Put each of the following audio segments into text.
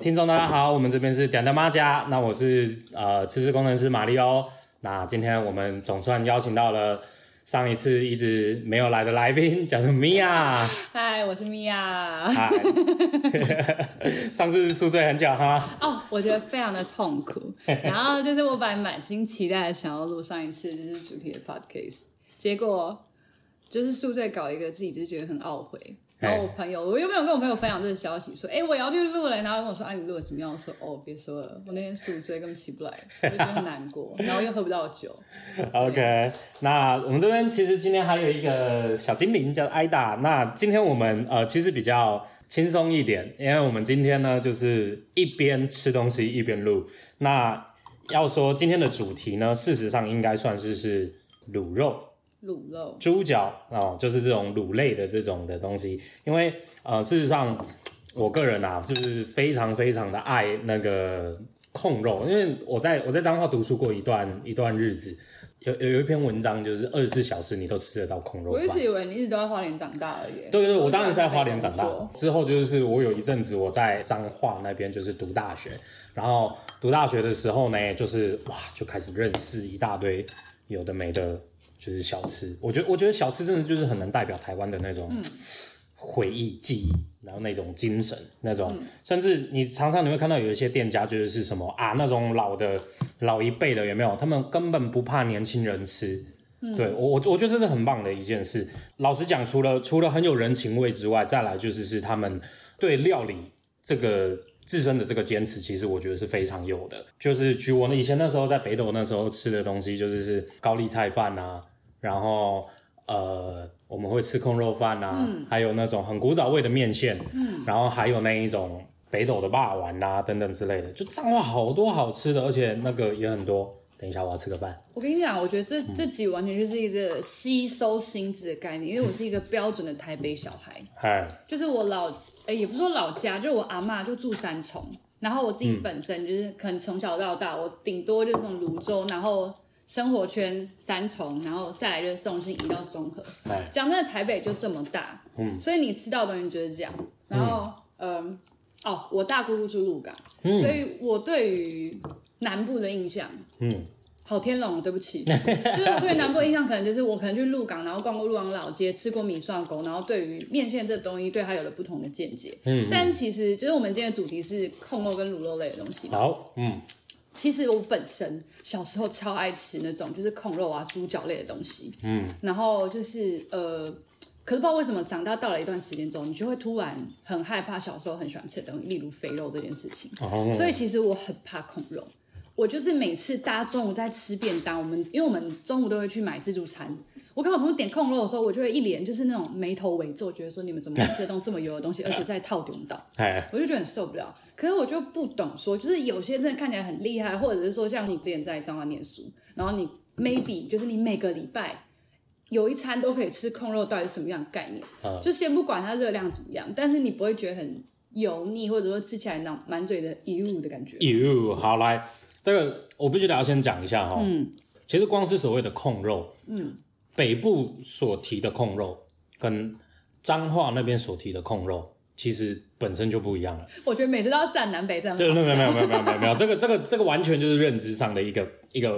聽眾大家好，我們這邊是點的媽家，那我是呃測試工程師馬里奧，那今天我們總算邀請到了上一次一直沒有來的來賓，叫做 Mia。嗨，我是 m Mia。Hi. 上次宿醉很久哈。哦、 啊，oh, 我覺得非常的痛苦， 然後就是我本來滿心期待想要錄上一次就是主題的 podcast，結果就是宿醉搞一個，自己就覺得很懊悔。然後我朋友，我又沒有跟我朋友分享這個消息，說，哎，我要去錄了。然後跟我說，啊，你錄得怎麼樣？我說，哦，別說了，我那天宿醉根本起不來，我就很難過， 然後又喝不到酒。OK，那我們這邊其實今天還有一個小精靈叫艾達，那今天我們呃其實比較輕鬆一點，因為我們今天呢就是一邊吃東西一邊錄。那要說今天的主題呢，事實上應該算是是滷肉。滷肉、豬腳哦，就是這種滷類的這種的東西。因為呃，事實上，我個人啊，就是，是非常非常的愛那個焢肉。因為我在我在彰化讀書過一段一段日子，有有有一篇文章，就是二十四小時你都吃得到焢肉。我一直以為你一直都在花蓮長大而已。對，對對，我當然是在花蓮長大。之後就是我有一陣子我在彰化那邊就是讀大學，然後讀大學的時候呢，就是哇，就開始認識一大堆有的沒的。就是小吃，我覺得，我覺得小吃真的就是很能代表台灣的那種、嗯、回憶、記憶，然後那種精神，那種、嗯、甚至你常常你會看到有一些店家，就是是什麼啊，那種老的老一輩的有沒有？他們根本不怕年輕人吃，嗯、對我，我我覺得這是很棒的一件事。老實講，除了除了很有人情味之外，再來就是是他們對料理這個自身的這個堅持，其實我覺得是非常有的。就是據我以前那時候在北斗那時候吃的東西，就是是高麗菜飯啊。然後，呃，我們會吃焢肉飯吶、啊，嗯、還有那種很古早味的麵線，嗯、然後還有那一種北斗的霸王啊等等之類的，就彰化好多好吃的，而且那個也很多。等一下我要吃個飯。我跟你講，我覺得這、嗯、這集完全就是一個吸收新知的概念，因為我是一個標準的台北小孩，嗯、就是我老，誒，也不是說老家，就我阿嬤就住三重，然後我自己本身就是可能從小到大，我頂多就是從蘆洲，然後。生活圈三重，然後再來就重心移到中和。哎、講真的，台北就這麼大，嗯，所以你吃到的東西就是這樣。然後，嗯、呃，哦，我大姑姑住鹿港，嗯、所以我對於南部的印象，嗯，好天龍，對不起， 就是我對於南部的印象可能就是我可能去鹿港，然後逛過鹿港老街，吃過米蒜糕，然後對於麵線這東西，對它有了不同的見解。嗯，嗯，但其實就是我們今天的主題是焢肉跟滷肉類的東西。好，嗯。其實我本身小時候超愛吃那種就是焢肉啊、豬腳類的東西，嗯，然後就是呃，可是不知道為什麼長大到了一段時間之後，你就會突然很害怕小時候很喜歡吃的東西，例如肥肉這件事情，哦，所以其實我很怕焢肉。我就是每次大家中午在吃便當，我們因為我們中午都會去買自助餐。我看我同事點焢肉的時候，我就會一臉就是那種眉頭微皺，覺得說你們怎麼吃得動這麼油的東西， 而且在套頂到。 我就覺得很受不了。可是我就不懂說，就是有些人看起來很厲害，或者是說像你之前在彰化念書，然後你 maybe 就是你每個禮拜有一餐都可以吃焢肉，到底是什麼樣的概念？ 就先不管它熱量怎麼樣，但是你不會覺得很油膩，或者說吃起來那種滿嘴的油的感覺。油好來。這個我必須得要先講一下哈、哦，嗯，其實光是所謂的焢肉，嗯，北部所提的焢肉跟彰化那邊所提的焢肉，其實本身就不一樣了。我覺得每次都要站南北這樣。對，沒有沒有沒有沒有沒有沒有，這個這個這個完全就是認知上的一個一個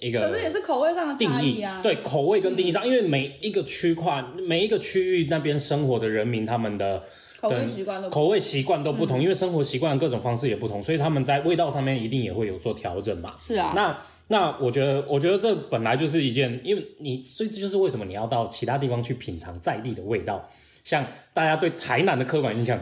一個，一個可是也是口味上的差異啊。對，口味跟定義上，嗯、因為每一個區塊、每一個區域那邊生活的人民他們的。口味習慣都口味習慣都不同，不同嗯、因為生活習慣各種方式也不同，所以他們在味道上面一定也會有做調整嘛。是啊，那那我覺得，我覺得這本來就是一件，因為你，所以這就是為什麼你要到其他地方去品嘗在地的味道。像大家對台南的刻板印象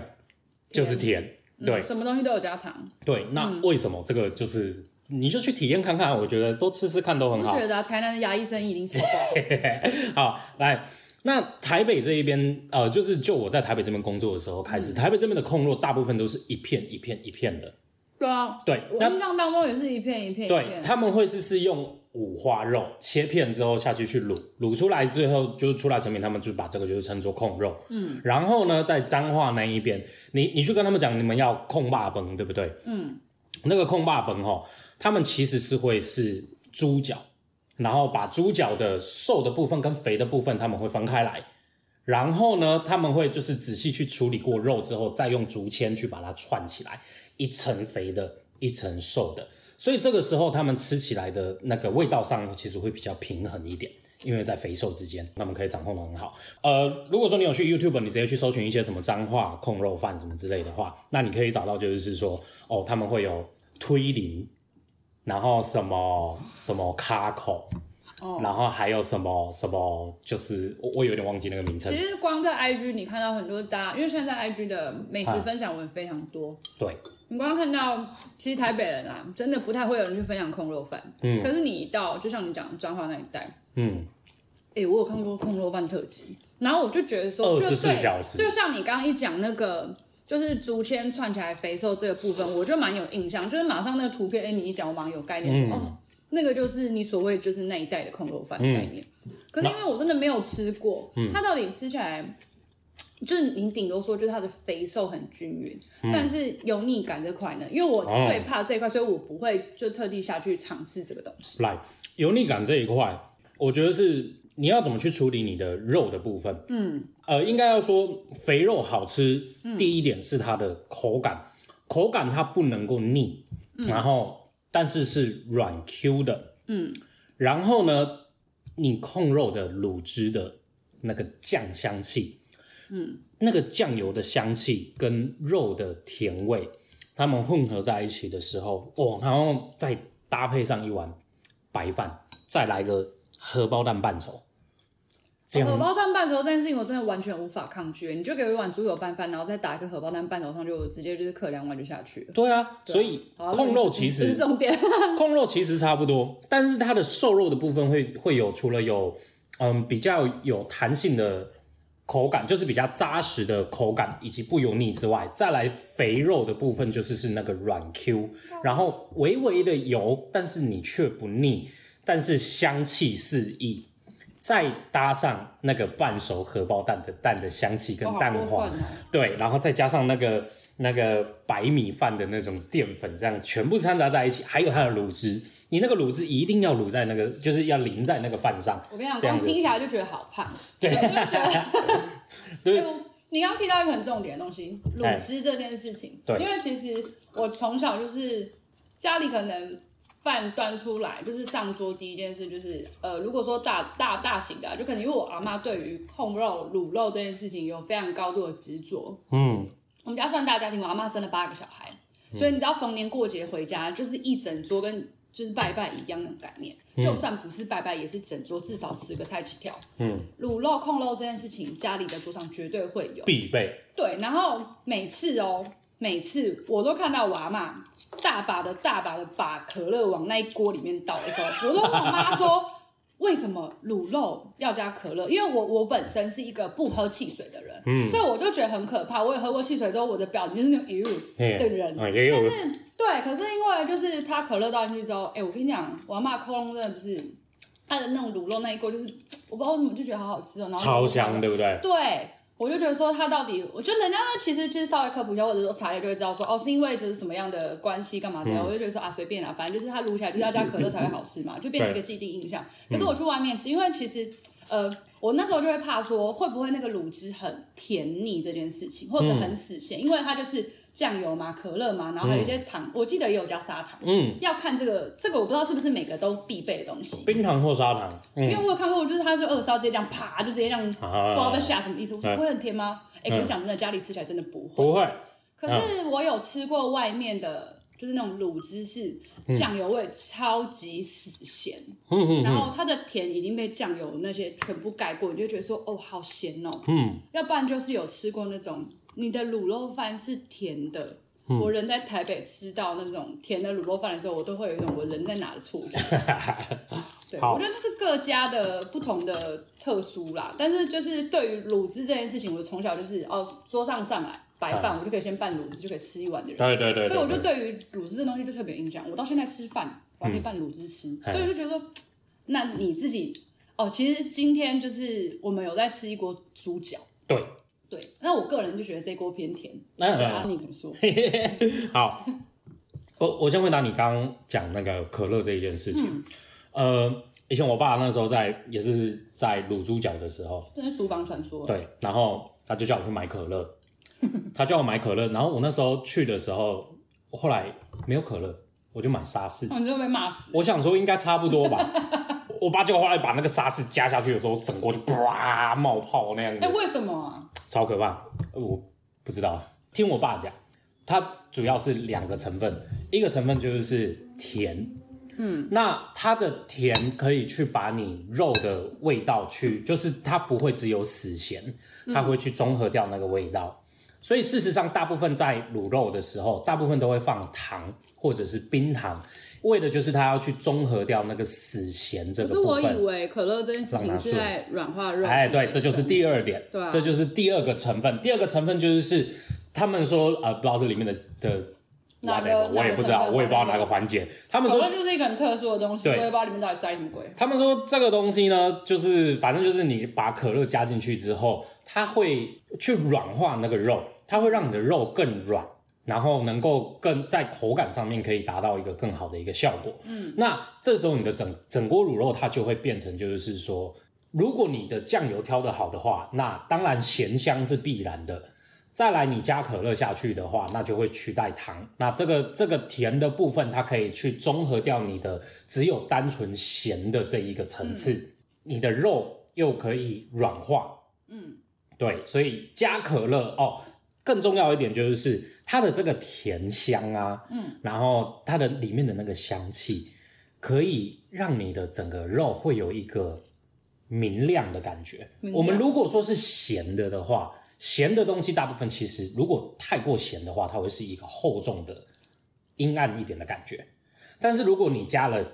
就是甜，天對、嗯，什麼東西都有加糖。對，那為什麼這個就是？你就去體驗看看，我覺得多吃吃看都很好。我覺得、啊、台南的牙醫生意已經超棒。 好，來。那台北這一邊，呃，就是就我在台北這邊工作的時候開始，嗯、台北這邊的焢肉大部分都是一片一片一片的，對啊，對，我印象當中也是一片一片、一片的，對，他們會是是用五花肉切片之後下去去滷，滷出來之後就是、出來成品，他們就把這個就是稱作焢肉，嗯，然後呢，在彰化那一邊，你你去跟他們講你們要焢肉飯，對不對？嗯，那個焢肉飯哈，他們其實是會是豬腳。然後把豬腳的瘦的部分跟肥的部分，他們會分開來。然後呢，他們會就是仔細去處理過肉之後，再用竹籤去把它串起來，一層肥的，一層瘦的。所以這個時候他們吃起來的那個味道上，其實會比較平衡一點，因為在肥瘦之間，他們可以掌控得很好。呃，如果說你有去 YouTube，你直接去搜尋一些什麼彰化焢肉飯什麼之類的話，那你可以找到就是說，哦，他們會有推離。然後什麼什麼卡口，哦、然後還有什麼什麼，就是我我有點忘記那個名稱。其實光在 IG 你看到很多搭，因為現在在 IG 的美食分享文非常多。啊、對，你光看到其實台北人啊，真的不太會有人去分享焢肉飯。嗯。可是你一到，就像你講彰化那一帶。嗯。哎、欸，我有看過焢肉飯特輯，然後我就覺得說二十四小時，就像你剛剛一講那個。就是竹籤串起來肥瘦這個部分，我就蠻有印象。就是馬上那個圖片，欸、你一講我蠻有概念。嗯、哦，那個就是你所謂就是那一代的焢肉飯概念。嗯、可是因為我真的沒有吃過，嗯、它到底吃起來，就是你頂多說就是它的肥瘦很均勻，嗯、但是油膩感這塊呢，因為我最怕這一塊，哦、所以我不會就特地下去嘗試這個東西。來，油膩感這一塊，我覺得是。你要怎麼去處理你的肉的部分？嗯，呃，應該要說肥肉好吃。嗯、第一點是它的口感，口感它不能夠膩，嗯、然後但是是軟 Q 的。嗯，然後呢，你焢肉的滷汁的，那個醬香氣，嗯，那個醬油的香氣跟肉的甜味，它們混合在一起的時候，哦，然後再搭配上一碗白飯，再來個荷包蛋半熟。荷、哦、包蛋拌熟這件事情我真的完全無法抗拒，你就給我一碗豬油拌飯，然後再打一個荷包蛋拌頭上，就直接就是克兩碗就下去了。對啊，所以、啊、焢肉其實，其實重點， 焢肉其實差不多，但是它的瘦肉的部分會會有除了有嗯比較有彈性的口感，就是比較扎實的口感，以及不油膩之外，再來肥肉的部分就是是那個軟 Q，然後微微的油，但是你卻不膩，但是香氣四溢。再搭上那個半熟荷包蛋的蛋的香氣跟蛋黃，哦、啊、對，然後再加上那個那個白米飯的那種澱粉，這樣全部摻雜在一起，還有它的滷汁，你那個滷汁一定要滷在那個，就是要淋在那個飯上。我跟你講，這樣聽起來就覺得好怕。對。對就 對你剛提到一個很重點的東西，滷汁這件事情。對。因為其實我從小就是家裡可能。飯端出來，就是上桌第一件事就是，呃，如果說大大大型的，啊，就可能因為我阿媽對於焢肉滷肉這件事情有非常高度的執着，嗯，我們家算大家庭，我阿媽生了八個小孩，嗯、所以你知道逢年過節回家就是一整桌跟就是拜拜一樣那種概念，就算不是拜拜也是整桌至少十個菜起跳，嗯，滷肉焢肉這件事情家裡的桌上絕對會有必備，對，然後每次哦，喔，每次我都看到我阿媽。大把的大把的把可樂往那一鍋裡面倒的時候，我都跟我媽說，為什麼滷肉要加可樂？因為我我本身是一個不喝汽水的人，嗯，所以我就覺得很可怕。我也喝過汽水之後，我的表情就是那種 “you” 的人，啊、嗯、但是對，可是因為就是他可樂倒進去之後，哎、欸，我跟你講，我要罵空真的不是他的那種滷肉那一鍋，就是我不知道為什麼就覺得好好吃哦、喔，然後超香，對不對？對。我就覺得說，他到底，我就人家說其實其實稍微科普一下，或者說查一下就會知道說，哦，是因為就是什麼樣的關係，幹嘛這樣？我就覺得說啊，隨便啦、啊，反正就是他滷起來就是要加可樂才會好吃嘛，就變成一個既定印象。嗯、可是我去外面吃，因為其實，呃，我那時候就會怕說，會不會那個滷汁很甜膩這件事情，或者很死鹹，嗯、因為它就是。醬油嘛，可樂嘛，然後還有一些糖，嗯、我記得也有加砂糖。嗯，要看這個，這個我不知道是不是每個都必備的東西。冰糖或砂糖，嗯、因為我有看過，就是它就是二燒，直接這樣啪，就直接這樣，啊、不知道在下什麼意思，啊、我說不會很甜嗎？哎、嗯欸，可是講真的，家裡吃起來真的不會。不會。可是我有吃過外面的，就是那種滷汁是醬油味，超級死鹹。嗯嗯。然後它的甜已經被醬油那些全部蓋過，你就覺得說，哦，好鹹哦。嗯。要不然就是有吃過那種。你的滷肉飯是甜的，嗯、我人在台北吃到那種甜的滷肉飯的時候，我都會有一種我人在哪的錯覺。 對，好我覺得那是各家的不同的特殊啦。但是就是對於滷汁這件事情，我從小就是哦，桌上上來白飯，我就可以先拌滷汁，嘿就可以吃一碗的人。對對，對對對。所以我覺得對於滷汁這東西就特別印象，我到現在吃飯我還可以拌滷汁吃，嗯、所以就覺得說、嗯、那你自己哦，其實今天就是我們有在吃一鍋豬腳。對。對，那我個人就覺得這鍋偏甜。那、哎、呀你怎麼說？ 好，我我先回答你剛剛講那個可樂這一件事情。嗯、呃，以前我爸那時候在也是在滷豬腳的時候，這是廚房傳說。對，然後他就叫我去買可樂， 他叫我買可樂，然後我那時候去的時候，後來沒有可樂，我就買沙士，哦、你就被罵死，我想說應該差不多吧， 我爸就後來把那個沙士加下去的時候，整鍋就啪冒泡那樣子。哎、欸，為什麼、啊？超可怕，我，不知道。聽我爸講，它主要是兩個成分，一個成分就是甜，嗯，那它的甜可以去把你肉的味道去，就是它不會只有死鹹，它會去中和掉那個味道。所以事實上，大部分在滷肉的時候，大部分都會放糖或者是冰糖，為的就是它要去中和掉那個死鹹這個部分。可是我以為可樂真是在軟化肉。哎，哎，對，這就是第二點，對啊，這就是第二個成分。第二個成分就是是他們說呃不知道這裡面的的。哪個，What 哪個我也不知道，我也不知道哪個環節。他們說，可能就是一個很特殊的東西，我也不知道裡面到底塞什麼鬼。他們說這個東西呢，就是反正就是你把可樂加進去之後，它會去軟化那個肉，它會讓你的肉更軟，然後能夠更在口感上面，可以達到一個更好的一個效果。嗯，那這時候你的整整鍋滷肉它就會變成，就是說，如果你的醬油挑得好的話，那當然鹹香是必然的。再來你加可樂下去的話，那就會取代糖，那這個這個甜的部分，它可以去綜合掉你的只有單純鹹的這一個層次，嗯、你的肉又可以軟化，嗯，對，所以加可樂哦，更重要一點就是它的這個甜香啊，嗯，然後它的裡面的那個香氣，可以讓你的整個肉會有一個明亮的感覺。亮我們如果說是鹹的的話。鹹的東西大部分其實，如果太過鹹的話，它會是一個厚重的、陰暗一點的感覺。但是如果你加了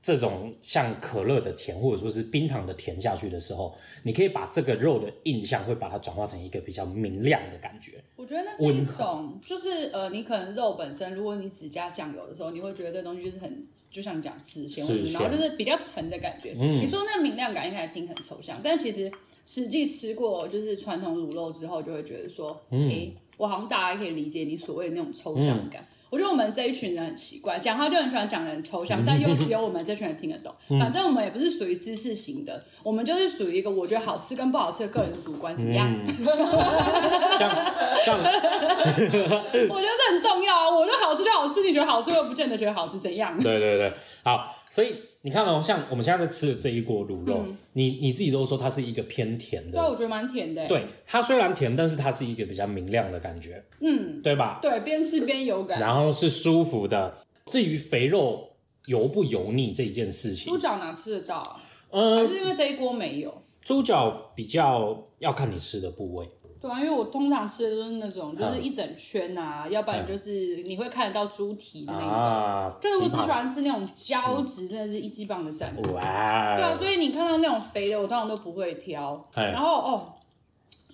這種像可樂的甜，或者說是冰糖的甜下去的時候，你可以把這個肉的印象會把它轉化成一個比較明亮的感覺。我覺得那是一種，和就是呃，你可能肉本身，如果你只加醬油的時候，你會覺得這東西就是很，就像你講死鹹，喧然後就是比較沉的感覺。嗯，你說那明亮感，應該還挺很抽象，但其實。實際吃過就是傳統滷肉之後，就會覺得說，誒、嗯欸，我好像大概可以理解你所謂的那種抽象感。嗯、我覺得我們這一群人很奇怪，講話就很喜歡講人抽象，嗯、但又只有我們這群人聽得懂。嗯、反正我們也不是屬於知識型的，我們就是屬於一個我覺得好吃跟不好吃的個人主觀怎麼樣？像、嗯、 像，像 我覺得這很重要啊！我覺得好吃就好吃，你覺得好吃又不見得覺得好吃，怎樣？對對對，好，所以。你看哦，像我們現在在吃的這一鍋滷肉，嗯、你你自己都說它是一個偏甜的，對，我覺得蠻甜的。對，它雖然甜，但是它是一個比較明亮的感覺，嗯，對吧？對，邊吃邊有感，然後是舒服的。至於肥肉油不油膩這一件事情，豬腳哪吃得到啊？呃，還是因為這一鍋沒有。豬腳比較要看你吃的部位。對啊，因為我通常吃的都是那種，就是一整圈啊，嗯、要不然就是你會看得到豬蹄那，那一種。嗯、就是我只喜歡吃那種膠質，嗯、真的是一級棒的讚。哇！對啊，所以你看到那種肥的，我通常都不會挑。嗯、然後哦，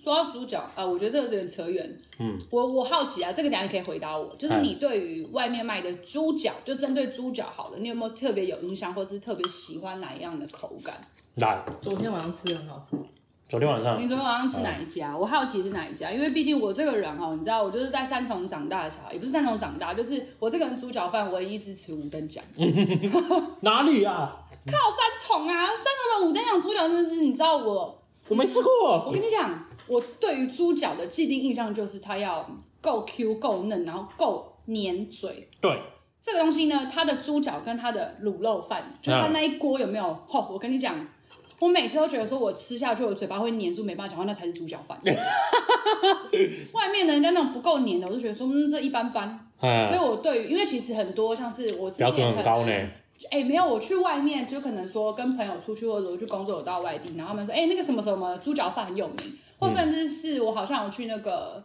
說到豬腳啊，我覺得這個有點扯遠。嗯，我我好奇啊，這個等一下你可以回答我，就是你對於外面賣的豬腳，就針對豬腳好了，你有沒有特別有印象，或者是特別喜歡哪一樣的口感？來，昨天晚上吃的很好吃。昨天晚上，你昨天晚上吃哪一家？嗯、我好奇是哪一家，因為畢竟我這個人哈、喔，你知道我就是在三重長大的小孩，也不是三重長大，就是我這個人豬腳飯唯一支持五燈獎。 哪裡啊？靠三重啊，三重的五燈獎豬腳真的是，你知道我我沒吃過。我跟你講，我對於豬腳的既定印象就是它要夠 Q 夠嫩，然後夠黏嘴。對，這個東西呢，它的豬腳跟它的滷肉飯，就是、它那一鍋有沒有？嗯、哦，我跟你講。我每次都覺得說，我吃下去，我嘴巴會粘住，沒辦法講話，那才是豬腳飯。 外面的人家那種不夠粘的，我就覺得說，嗯，這一般般。嗯、所以，我對於，因為其實很多像是我之前標準很高捏。哎、欸，沒有，我去外面就可能說跟朋友出去，或者我去工作，我到外地，然後他們說，哎、欸，那個什麼什麼豬腳飯很有名，或甚至是我好像有去那個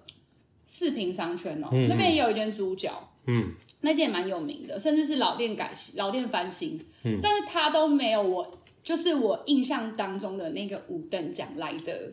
四平商圈哦、喔，嗯嗯、那邊也有一間豬腳，嗯，那間也蠻有名的，甚至是老店改老店翻新，嗯、但是它都沒有我。就是我印象當中的那個五燈獎來的，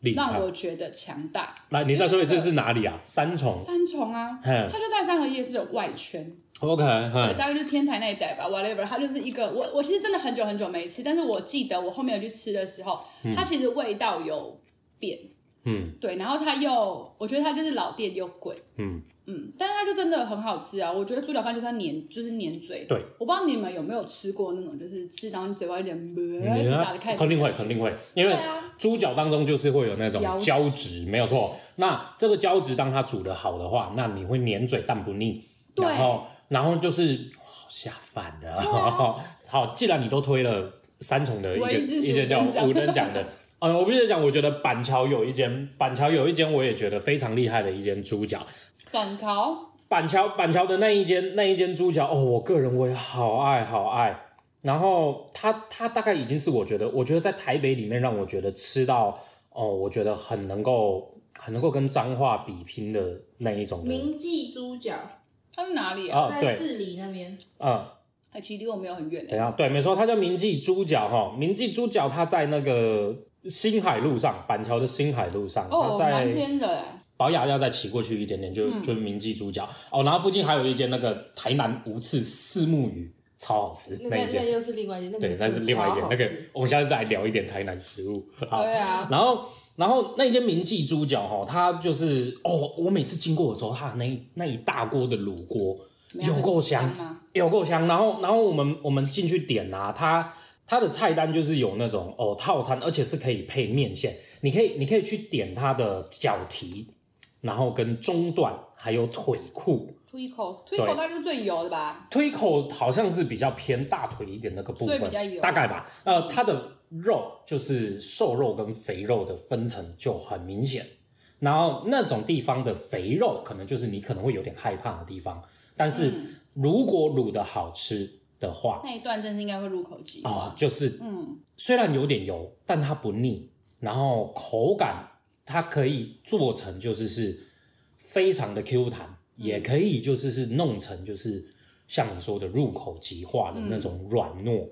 力讓我覺得強大。來，那個，你再說一次是哪裡啊？三重。三重啊，他 就在三和夜市的外圈。OK，大概就是天台那一帶吧。Whatever，他就是一個我，我其實真的很久很久沒吃，但是我記得我後面有去吃的時候，它其實味道有變。嗯嗯，對，然後它又，我覺得它就是老店又貴，嗯嗯，但是它就真的很好吃啊！我覺得豬腳飯就是粘，就是粘嘴。對，我不知道你們有沒有吃過那種，就是吃到你嘴巴有點膜，打開肯定會肯定會，因為豬腳當中就是會有那種膠質，沒有錯。那這個膠質當它煮得好的話，那你會粘嘴但不膩，然後然後就是好下飯的。好，好，既然你都推了三重的一個一些叫無人講的。嗯，我必須得講，我覺得板橋有一間，板橋有一間，我也覺得非常厲害的一間豬腳。板橋，板橋，板橋的那一間，那一間豬腳，哦，我個人我也好愛好愛。然後它它大概已經是我覺得，我覺得在台北裡面讓我覺得吃到，哦，我覺得很能夠很能夠跟彰化比拼的那一種。銘記豬腳，它是哪裡啊？哦、對，在自立那邊。嗯，其實離我沒有很遠、欸。等下，對，沒錯，它叫銘記豬腳哈。銘記豬腳，它在那個。新海路上，板橋的新海路上，在寶、哦、再雅要再騎過去一點點，就、嗯、就明記豬腳哦。然後附近還有一間那個台南無刺四目魚，超好吃那間、個，那那又是另外一間，那個、對，那是另外一間。那個我們下次再來聊一點台南食物。好對啊，然後然後那間明記豬腳哈，它就是哦，我每次經過的時候，它那一那一大鍋的滷鍋，有夠香，啊、有夠香。然後然後我們、嗯、我們進去點啊，它。它的菜單就是有那種哦套餐，而且是可以配麵線。你可以，你可以去點它的腳蹄，然後跟中段還有腿褲。推口，對推口，那就是最油的吧？推口好像是比較偏大腿一點那個部分，對，比較油，大概吧。呃，它的肉就是瘦肉跟肥肉的分層就很明顯，嗯、然後那種地方的肥肉可能就是你可能會有點害怕的地方，但是如果滷得好吃。嗯的話，那一段真是應該會入口即化，哦，就是嗯，雖然有點油，但它不膩，然後口感它可以做成就是是非常的 Q 彈，嗯、也可以就是是弄成就是像你說的入口即化的那種軟糯。嗯、對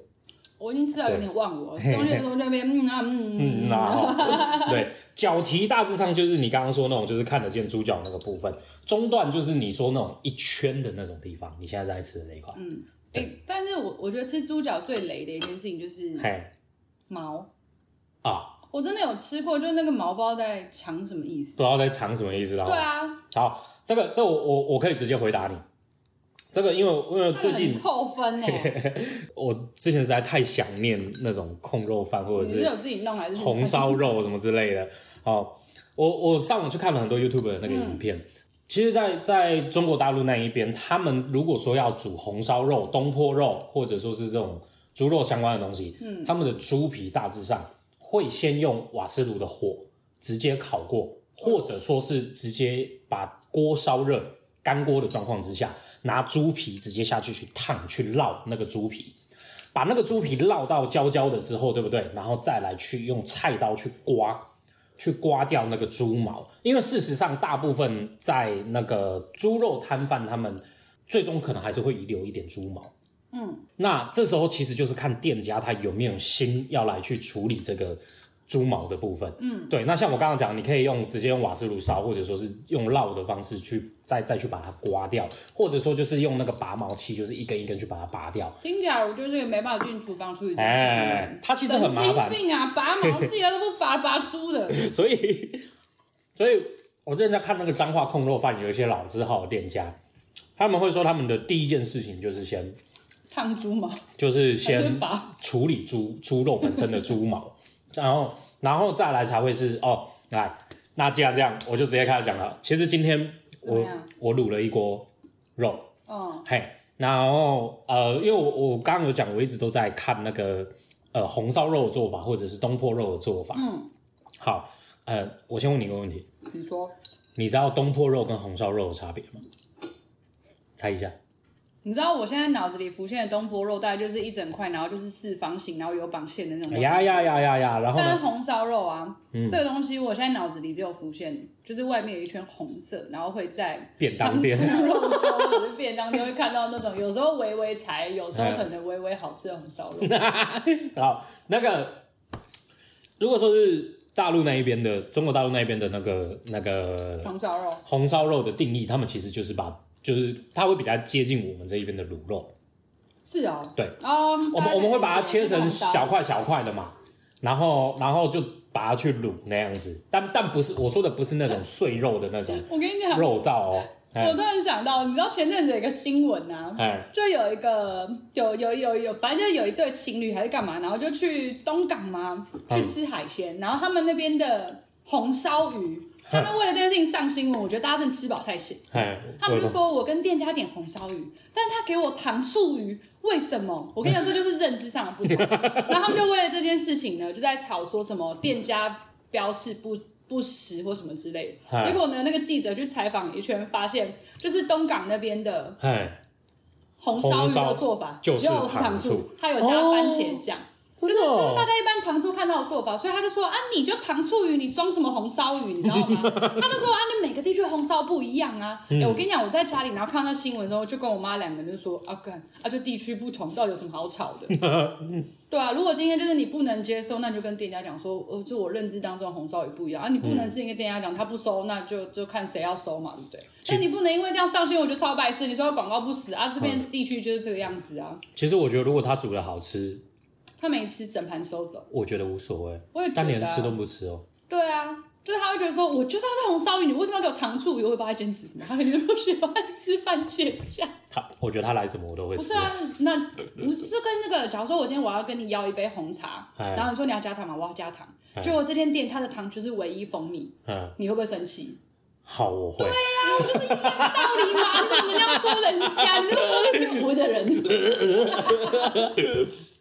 我已經吃到有點忘我，從這邊嗯啊嗯 對，腳蹄大致上就是你剛剛說那種就是看得見豬腳那個部分，中段就是你說那種一圈的那種地方，你現在在吃的那一塊，嗯。對但是我我覺得吃豬腳最雷的一件事情就是毛啊！我真的有吃過，就是那個毛包在搶，什麼意思？不知道在搶什麼意思啦。對啊，好，這個這個、我我我可以直接回答你，這個因為因為最近扣分呢、喔， 我之前實在太想念那種焢肉飯，或者是自己弄還是紅燒肉什麼之類的。好，我我上網去看了很多 YouTube 的那個影片。嗯其實在，在在中國大陸那一邊，他們如果說要煮紅燒肉、東坡肉，或者說是這種豬肉相關的東西，嗯，他們的豬皮大致上會先用瓦斯爐的火直接烤過，或者說是直接把鍋燒熱，乾鍋的狀況之下，拿豬皮直接下去去燙去烙那個豬皮，把那個豬皮烙到焦焦的之後，對不對？然後再來去用菜刀去刮。去刮掉那個豬毛，因為事實上大部分在那個豬肉攤販，他們最終可能還是會遺留一點豬毛，嗯，那這時候其實就是看店家他有沒有心要來去處理這個。豬毛的部分，嗯，對，那像我剛剛講，你可以用直接用瓦斯爐燒，或者說是用烙的方式去再再去把它刮掉，或者說就是用那個拔毛器，就是一根一根去把它拔掉。聽起來我就是也沒辦法進廚房去。哎、欸，它其實很麻煩。生病啊，拔毛器啊，都不拔拔豬的。 所以，所以我之前在看那個彰化焢肉飯，有一些老字號的店家，他們會說他們的第一件事情就是先燙豬毛，就是先處理豬豬肉本身的豬毛。 然後，然後再來才會是哦。來，那既然這樣，我就直接開始講了。其實今天我我滷了一鍋肉，哦，嘿，然後呃，因為我我剛剛有講，我一直都在看那個呃紅燒肉的做法，或者是東坡肉的做法。嗯，好，呃，我先問你一個問題，你說你知道東坡肉跟紅燒肉的差別嗎？猜一下。你知道，我現在腦子裡浮現的東坡肉，大概就是一整塊，然後就是四方形，然後有綁線的那種。哎、呀呀呀呀呀！然後。但是紅燒肉啊，嗯、這個東西我現在腦子裡只有浮現，就是外面有一圈紅色，然後會在。便當店。便當店 會看到那種，有時候微微柴，有時候可能微微好吃的紅燒肉。 好，那個如果說是大陸那一邊的，中國大陸那一邊的那個那個紅燒肉，紅燒肉的定義，他們其實就是把。就是它會比較接近我們這一邊的滷肉，是哦？對啊。哦，我們我們會把它切成小塊小塊的嘛，然後然後就把它去滷那樣子，但但不是我說的不是那種碎肉的那種。哦，我跟你講，肉燥。哦，我突然想到，你知道前陣子有一個新聞啊，哎，就有一個有有有有，反正就有一對情侶還是幹嘛，然後就去東港嘛，去吃海鮮，然後他們那邊的紅燒魚。他們為了這件事情上新聞，我覺得大家真的吃飽太閒。嘿他們就說我跟店家點紅燒魚，但是他給我糖醋魚，為什麼？我跟你講，這就是認知上的不同。 然後他們就為了這件事情呢，就在吵說什麼店家標示不不實或什麼之類的。嘿結果呢，那個記者去採訪一圈，發現就是東港那邊的紅燒魚的做法就是糖醋，他有加番茄醬。哦哦、就是就是大家一般糖醋看到的做法，所以他就說啊，你就糖醋魚，你裝什麼紅燒魚，你知道嗎？ 他就說啊，你每個地區紅燒不一樣啊。嗯欸、我跟你講，我在家裡然後看到新聞之後，就跟我媽兩個人就說啊，干啊，就地區不同，到底有什麼好吵的？ 對啊，如果今天就是你不能接受，那你就跟店家講說，呃，就我認知當中紅燒魚不一樣啊，你不能是因為店家講，嗯、他不收，那就就看誰要收嘛，對不對？實但你不能因為這樣上新聞我就超北七，你說廣告不實啊，這邊地區就是這個樣子啊。嗯、其實我覺得，如果他煮的好吃。他沒吃，整盤收走。我覺得無所謂，我也覺得、啊。他連吃都不吃哦。對啊，就是他會覺得說，我就是要是紅燒魚，你為什麼要給我糖醋魚？我不會幫他堅持什麼，他肯定不喜歡吃番茄醬。他，我覺得他來什麼我都會吃。不是啊，那不 是跟那個，假如說我今天我要跟你要一杯紅茶，哎、呀然後你說你要加糖嘛，我要加糖。結果、哎、呀這間店，他的糖就是唯一蜂蜜。嗯。你會不會生氣？好，我會。對啊，我就是一樣的道理嘛。 你怎麼這樣說人家？你是服務的人。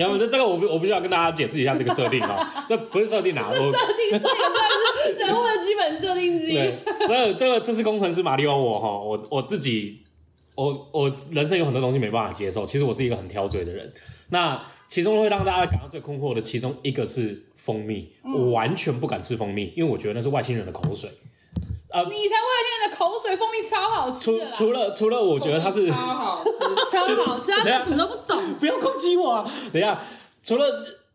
然後這這個我不我不需要跟大家解釋一下這個設定哈， 這不是設定啊，我是設定，設定算不算人物的基本設定之沒有， 這個這是工程師馬里奧，我哈，我我自己，我我人生有很多東西沒辦法接受，其實我是一個很挑嘴的人。那其中會讓大家感到最困惑的其中一個是蜂蜜，我完全不敢吃蜂蜜，因為我覺得那是外星人的口水。啊！嗯、你才會國人的口水，蜂蜜超好吃！除除了除了，除了我覺得它是超好，超好吃啊！ 他是什麼都不懂，不要攻擊我、啊。等一下，除了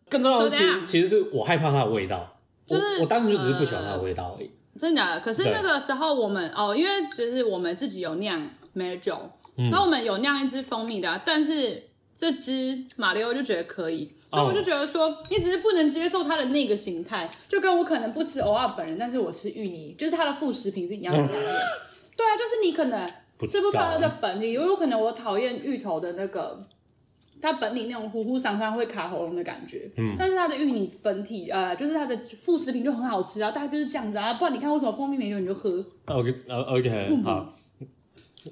更重要的是，嗯、其實其實是我害怕它的味道，就是我，我當時就只是不喜歡它的味道而已、呃。真的假的？可是那個時候我們對哦，因為就是我們自己有釀梅酒，嗯、那我們有釀一支蜂蜜的、啊，但是這支馬里歐就覺得可以。所以 So、oh. 我就覺得說，你只是不能接受它的那個形態，就跟我可能不吃藕啊本人，但是我吃芋泥，就是它的副食品是一樣一樣的。 對啊，就是你可能吃不到它的本體，我有可能我討厭芋頭的那個它本體那種糊糊沙沙會卡喉嚨的感覺，嗯，但是它的芋泥本體，呃，就是它的副食品就很好吃啊，大概就是這樣子啊。不然你看為什麼蜂蜜沒有，你就喝？OK OK、嗯、好。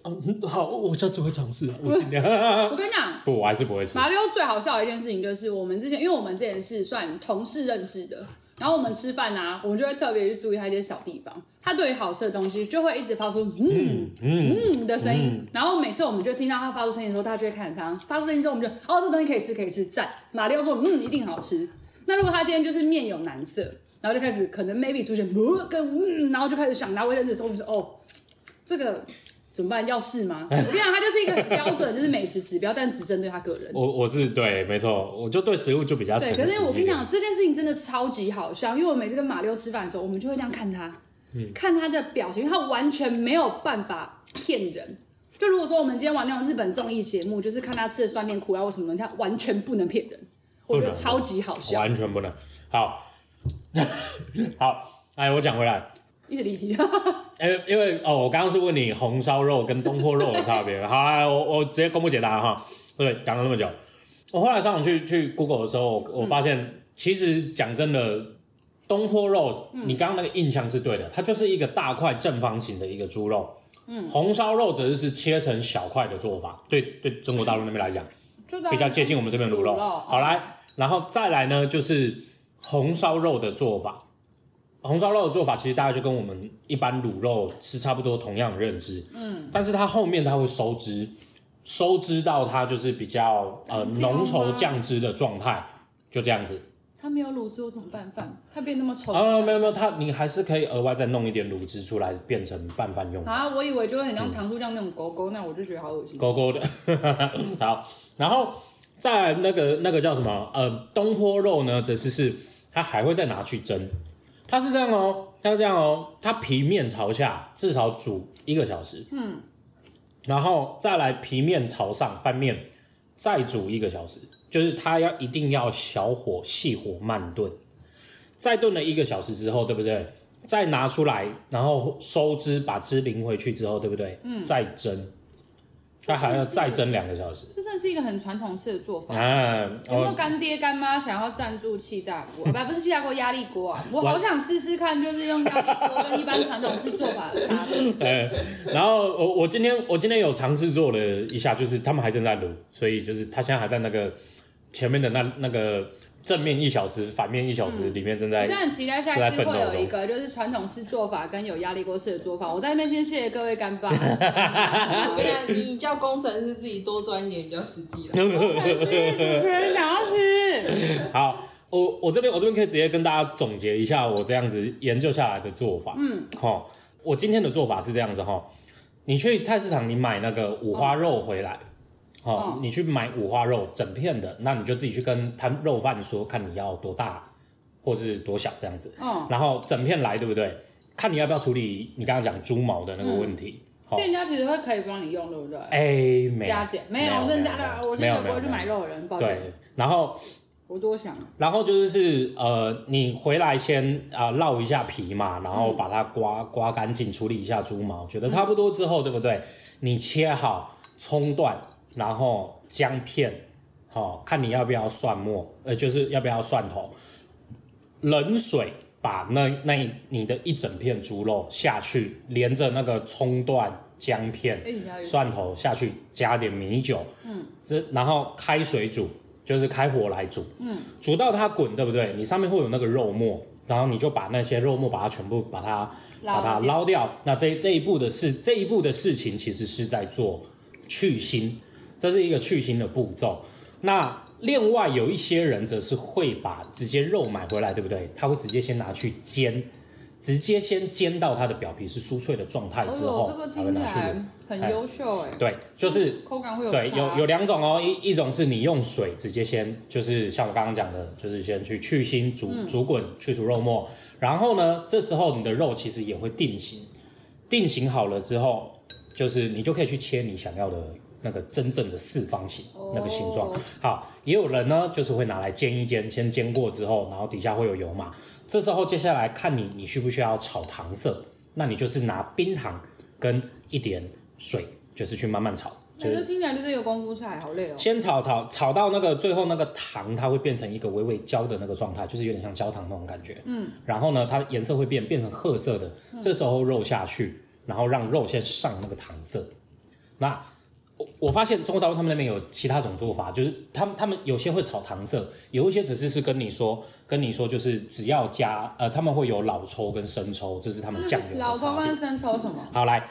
哦、好，我下次會嘗試，我盡量，不 我跟你講，不，我還是不會吃。馬里最好笑的一件事情就是，我們之前因為我們之前是算同事認識的，然後我們吃飯啊，我們就會特別去注意他一些小地方。他對於好吃的東西就會一直發出嗯嗯、嗯的聲音，嗯、然後每次我們就聽到他發出聲音的時候，大家就會看他發出聲音之後，我們就哦，這東西可以吃，可以吃，讚。馬里說嗯，一定好吃。那如果他今天就是面有難色，然後就開始可能 maybe 出現不、嗯、跟嗯，然後就開始想拿衛生紙的時候，我們說哦，這個。怎麼辦？要試嗎？我跟你講，他就是一個很標準，就是美食指標， 但只針對他個人。我我是對，沒錯，我就對食物就比較。對，可是我跟你講，這件事情真的超級好笑，因為我每次跟馬六吃飯的時候，我們就會這樣看他，嗯、看他的表情，因為他完全沒有辦法騙人。就如果說我們今天玩那種日本綜藝節目，就是看他吃的酸甜苦辣或什麼東西，他完全不能騙人，嗯、我覺得超級好笑，嗯嗯、完全不能。好， 好，哎，我講回來。 欸、因為哦，我剛剛是問你紅燒肉跟東坡肉的差別。 對 好，我我直接公布解答哈。對，講了那麼久，我後來上網去去 Google 的時候，我，我發現、嗯、其實講真的，東坡肉你剛剛那個印象是對的，嗯、它就是一個大塊正方形的一個豬肉。嗯、紅燒肉則是切成小塊的做法。對，對中國大陸那邊來講，嗯、比較接近我們這邊的滷肉。嗯、好，來，然後再來呢，就是紅燒肉的做法。紅燒肉的做法其實大概就跟我們一般滷肉是差不多同樣的認知，嗯，但是它後面它會收汁，收汁到它就是比較呃濃稠醬汁的狀態，就這樣子。它沒有滷汁我怎麼拌飯？它變那麼稠啊，呃？沒有沒有，它你還是可以額外再弄一點滷汁出來，變成拌飯用。啊，我以為就會很像糖醋醬那種勾勾，嗯、那我就覺得好噁心，勾勾的。 好，嗯、然後再來那個那個叫什麼呃東坡肉呢？則是是它還會再拿去蒸。它是這樣哦，它是這樣哦，它皮面朝下至少煮一個小時，嗯，然後再來皮面朝上翻面，再煮一個小時，就是它要一定要小火細火慢燉，再燉了一個小時之後，對不對？再拿出來，然後收汁，把汁淋回去之後，對不對？嗯，再蒸。他還要再蒸兩個小時，這算是，是一個很傳統式的做法啊！有沒有乾爹乾媽想要贊助氣炸鍋，不、嗯啊，不是氣炸鍋，壓、嗯、力鍋啊！我好想試試看，就是用壓力鍋跟一般傳統式做法的差別。對我、 欸，然後我我今天我今天有嘗試做了一下，就是他們還正在滷，所以就是他現在還在那個前面的那那個。正面一小時，反面一小時，嗯、裡面正在，我現在很期待下一次會有一個，就是傳統式做法跟有壓力鍋式的做法。 我在那邊先謝謝各位乾爸，我跟你講，你叫工程師自己多賺一點比較實際了。想要吃。好，我我這邊我這邊可以直接跟大家總結一下我這樣子研究下來的做法。嗯，好，我今天的做法是這樣子哈，你去菜市場你買那個五花肉回來。嗯哦，你去買五花肉整片的，那你就自己去跟攤肉販說，看你要多大或是多小這樣子。然後整片來，對不對？看你要不要處理，你剛剛講豬毛的那個問題，店家其實會可以幫你用，對不對？哎，沒加減沒有，真假的，我現在不會去買肉的人，對，然後我多想，然後就是是呃，你回來先啊，烙一下皮嘛，然後把它刮刮乾淨，處理一下豬毛，覺得差不多之後，對不對？你切好蔥段。然後薑片，好、哦、看你要不要蒜末？呃，就是要不要蒜頭？冷水把那那你的一整片豬肉，下去，連着那個蔥段、薑片、哎哎、蒜頭下去，加點米酒。嗯，這然後開水煮，就是開火來煮。嗯，煮到它滾，對不對？你上面會有那個肉末，然後你就把那些肉末把它全部把它把它撈掉。那這這一步的事，這一步的事情其實是在做去腥。這是一個去腥的步驟。那另外有一些人則是會把直接肉買回來，對不對？他會直接先拿去煎，直接先煎到它的表皮是酥脆的狀態之後，再、哦、這個、拿去滷。很優秀哎。對，就是、嗯、口感會有。對，有有兩種哦，一一種是你用水直接先，就是像我剛剛講的，就是先去去腥煮煮滾去除肉沫，嗯、然後呢，這時候你的肉其實也會定型，定型好了之後，就是你就可以去切你想要的。那個真正的四方形、oh. 那個形狀，好，也有人呢，就是會拿來煎一煎，先煎過之後，然後底下會有油嘛。這時候接下來看你，你需不需要炒糖色？那你就是拿冰糖跟一點水，就是去慢慢炒。我覺得聽起來就是一個功夫菜，好累哦。先炒炒炒，炒到那個最後那個糖，它會變成一個微微焦的那個狀態，就是有點像焦糖那種感覺。嗯，然後呢，它顏色會變，變成褐色的。這時候肉下去，嗯，然後讓肉先上那個糖色。那我發現中國大陸他們那邊有其他種做法，就是他們他們有些會炒糖色，有一些只是是跟你說跟你說就是只要加呃他們會有老抽跟生抽，這是他們醬油老抽跟生抽什麼？好來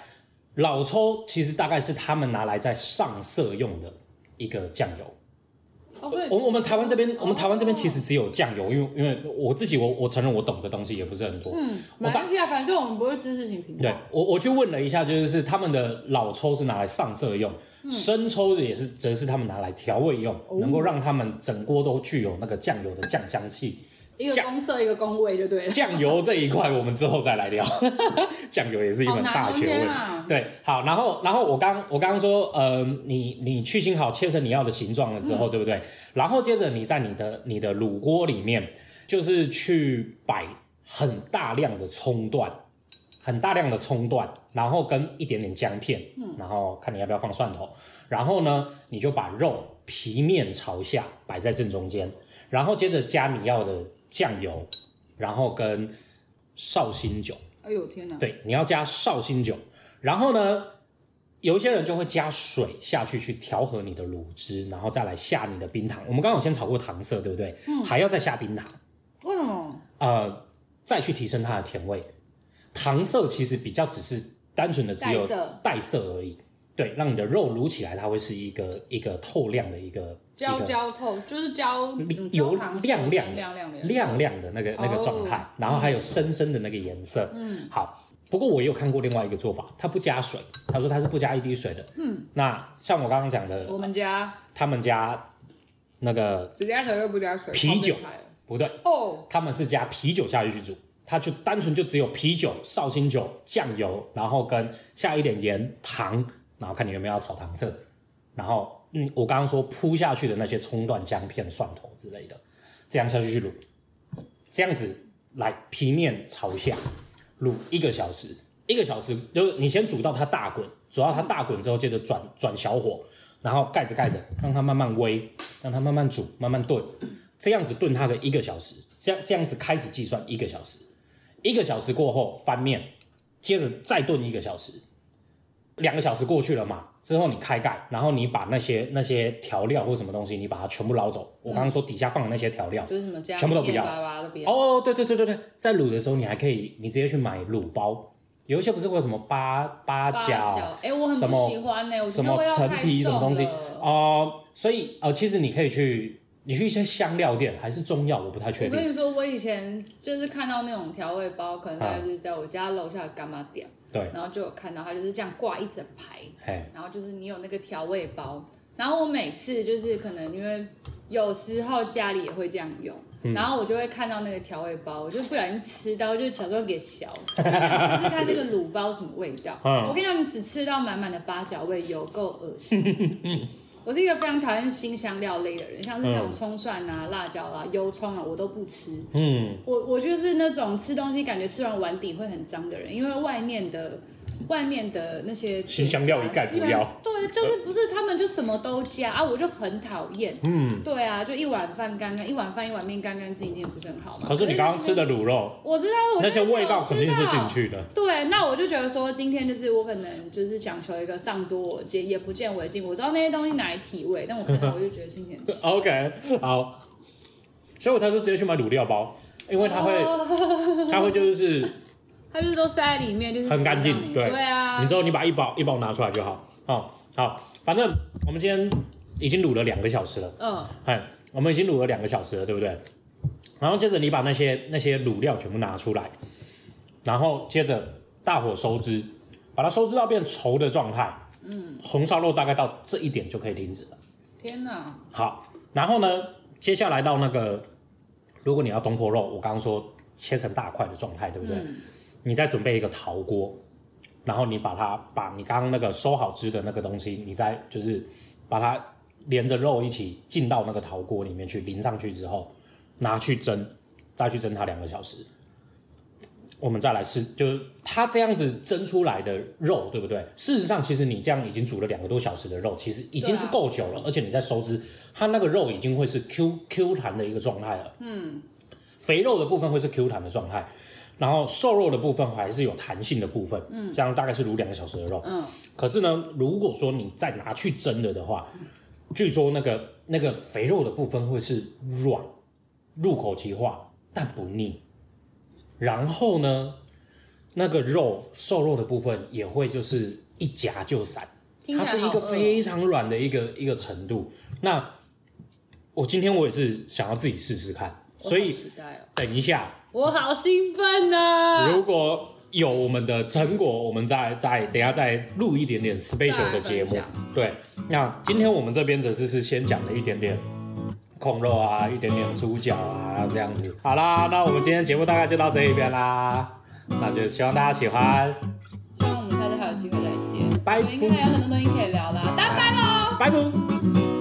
老抽其實大概是他們拿來在上色用的一個醬油。我、哦、我們台灣這邊我們台灣這邊其實只有醬油，因為因為我自己我我承認我懂的東西也不是很多。嗯，我不起反正我們不會知識型頻道。對，我我去問了一下，就是是他們的老抽是拿來上色用。生抽也是，則是他們拿來調味用，嗯、能夠讓他們整鍋都具有那個醬油的醬香氣。一個工色，醬一個工味，就對了。醬油這一塊，我們之後再來聊。醬 油也是一門大學問。喔、對，好，然後，然後我剛我剛剛說，呃，你你去腥好，切成你要的形狀了之後，嗯、對不對？然後接着你在你的你的滷鍋裡面，就是去擺很大量的蔥段。很大量的蔥段，然後跟一點點薑片，嗯，然後看你要不要放蒜頭，嗯、然後呢，你就把肉皮面朝下擺在正中間，然後接着加你要的醬油，然後跟紹興酒。哎呦天哪！對，你要加紹興酒。然後呢，有一些人就會加水下去去調和你的滷汁，然後再來下你的冰糖。我們剛好先炒過糖色，對不對？嗯。還要再下冰糖。為什麼？呃，再去提升它的甜味。糖色其實比較只是單純的只有帶色而已，對，讓你的肉滷起來，它會是一個一個透亮的一個焦焦透，就是焦油亮亮亮亮亮亮的那個那個狀態，然後還有深深的那個顏色。嗯，好，不過我也有看過另外一個做法，它不加水，他說他是不加一滴水的。嗯，那像我剛剛講的，我們家他們家那個這家可能不加水，啤酒，不對，哦，他們是加啤酒下去去煮。它就單純就只有啤酒、紹興酒、醬油，然後跟下一點鹽、糖，然後看你有沒有要炒糖色，然後嗯，我剛剛說鋪下去的那些蔥段、薑片、蒜頭之類的，這樣下去去滷，這樣子來皮面朝下滷一個小時，一個小時就是你先煮到它大滾，煮到它大滾之後，接着轉轉小火，然後蓋着蓋着讓它慢慢煨，讓它慢慢煮，慢慢燉，這樣子燉它個一個小時，這樣這樣子開始計算一個小時。一個小時過後翻面，接着再燉一個小時。兩個小時過去了嘛，之後你開蓋，然後你把那些那些調料或什麼東西，你把它全部撈走。嗯、我剛剛說底下放的那些調料，巴巴全部都不要，哦對對對對，哦對對對，在滷的時候你還可以，你直接去買滷包，有一些不是會有什麼八八角，哎、欸、我很不喜歡、欸、什麼陳皮什,什麼東西啊、呃，所以呃其實你可以去。你去一些香料店還是中藥？我不太確定。我跟你說，我以前就是看到那種調味包，可能大就是在我家樓下的乾媽店，啊。對。然後就有看到它就是這樣掛一整排。嘿然後就是你有那個調味包，然後我每次就是可能因為有時候家裡也會這樣用，嗯、然後我就會看到那個調味包，我就不小心吃到，就小時候給小，試試看那個滷包什麼味道？嗯、我跟你講，你只吃到滿滿的八角味，有夠噁心。 我是一個非常討厭辛香料類的人，像是那種蔥蒜啊、嗯、辣椒啊、油蔥啊，我都不吃。嗯我，我我就是那種吃東西感覺吃完碗底會很髒的人，因為外面的。外面的那些辛香料一概不料。對，就是不是他們就什麼都加啊，我就很討厭。嗯，對啊，就一碗飯乾干，一碗飯一碗麵乾干淨淨，不是很好嗎？可是你剛剛吃的滷肉，我知道我，那些味道肯定是進去的。對，那我就覺得說，今天就是我可能就是想求一個上桌見也不見為淨。我知道那些東西拿來提味，但我可能我就覺得新鮮。 OK，好。所以我他說直接去買滷料包，因為他會，哦、他會就是。 它就是都塞在裡面，乾淨就是很乾淨，對對啊。你之後你把一包一包拿出來就好，好、哦，好。反正我們今天已經滷了兩個小時了，嗯、哦，哎，我們已經滷了兩個小時了，對不對？然後接着你把那些那些滷料全部拿出來，然後接着大火收汁，把它收汁到變稠的狀態，嗯，紅燒肉大概到這一點就可以停止了。天哪、啊！好，然後呢，接下來到那個，如果你要東坡肉，我剛剛說切成大塊的狀態，對不對？嗯你再準備一個陶鍋，然後你把它把你剛剛那個收好汁的那個東西，你再就是把它連着肉一起浸到那個陶鍋裡面去，淋上去之後，拿去蒸，再去蒸它兩個小時。我們再來吃，就是它這樣子蒸出來的肉，對不對？事實上，其實你這樣已經煮了兩個多小時的肉，其實已經是夠久了，啊、而且你再收汁，它那個肉已經會是 Q Q 彈的一個狀態了。嗯，肥肉的部分會是 Q 彈的狀態。然後瘦肉的部分還是有彈性的部分，嗯、這樣大概是滷兩個小時的肉。嗯嗯、可是呢，如果說你再拿去蒸了的，的話，嗯、據說那個那個肥肉的部分會是軟，入口即化但不膩。然後呢，那個肉瘦肉的部分也會就是一夾就散，它是一個非常軟的一個一個程度。那我今天我也是想要自己試試看，哦、所以等一下。我好興奮吶、啊！如果有我們的成果，我們再再等下再錄一點點 special 的節目。對，那今天我們這邊只是是先講了一點點，焢肉啊，一點點豬腳啊這樣子。好啦，那我們今天節目大概就到這一邊啦，那就希望大家喜歡。希望我們下次還有機會再見，拜不。應該還有很多東西可以聊的，拜拜嘍，拜不。